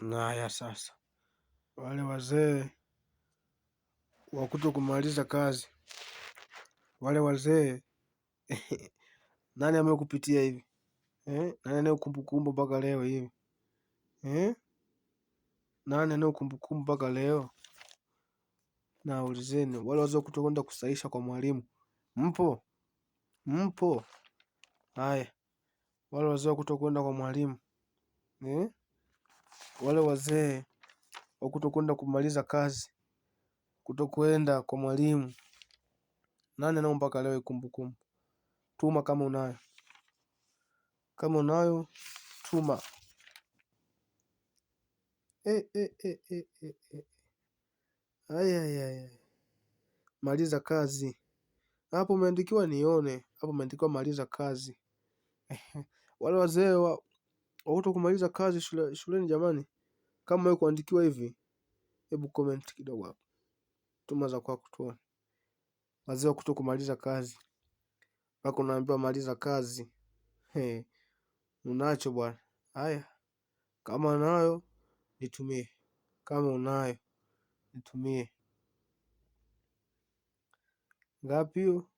Haya sasa, wale wazee wakuto kumaliza kazi, wale wazee nani amekupitia hivi eh? Nani anao kumbukumbu mpaka leo hivi eh? Nani anao kumbukumbu mpaka leo? Na ulizeni wale wazee kwenda kusaisha kwa mwalimu, mpo mpo? Haya, wale wazee kwenda kwa mwalimu eh? wale wazee wa kutokwenda kumaliza kazi, kutokwenda kwa mwalimu. Nani nao mpaka leo ikumbukumbu. Tuma kama unayo, kama unayo tuma. E, e, e, e, e, e. ay. maliza kazi hapo umeandikiwa, nione hapo umeandikiwa maliza kazi. Wale wazee wa kuto kumaliza kazi shule, shuleni jamani. Kama wewe kuandikiwa hivi, hebu comment kidogo hapo. Tuma za kwako tuone. Maziwa kumaliza kazi. Mpaka unaambiwa maliza kazi. He. Unacho bwana. Haya. Kama unayo nitumie. Kama unayo nitumie. Ngapi hiyo?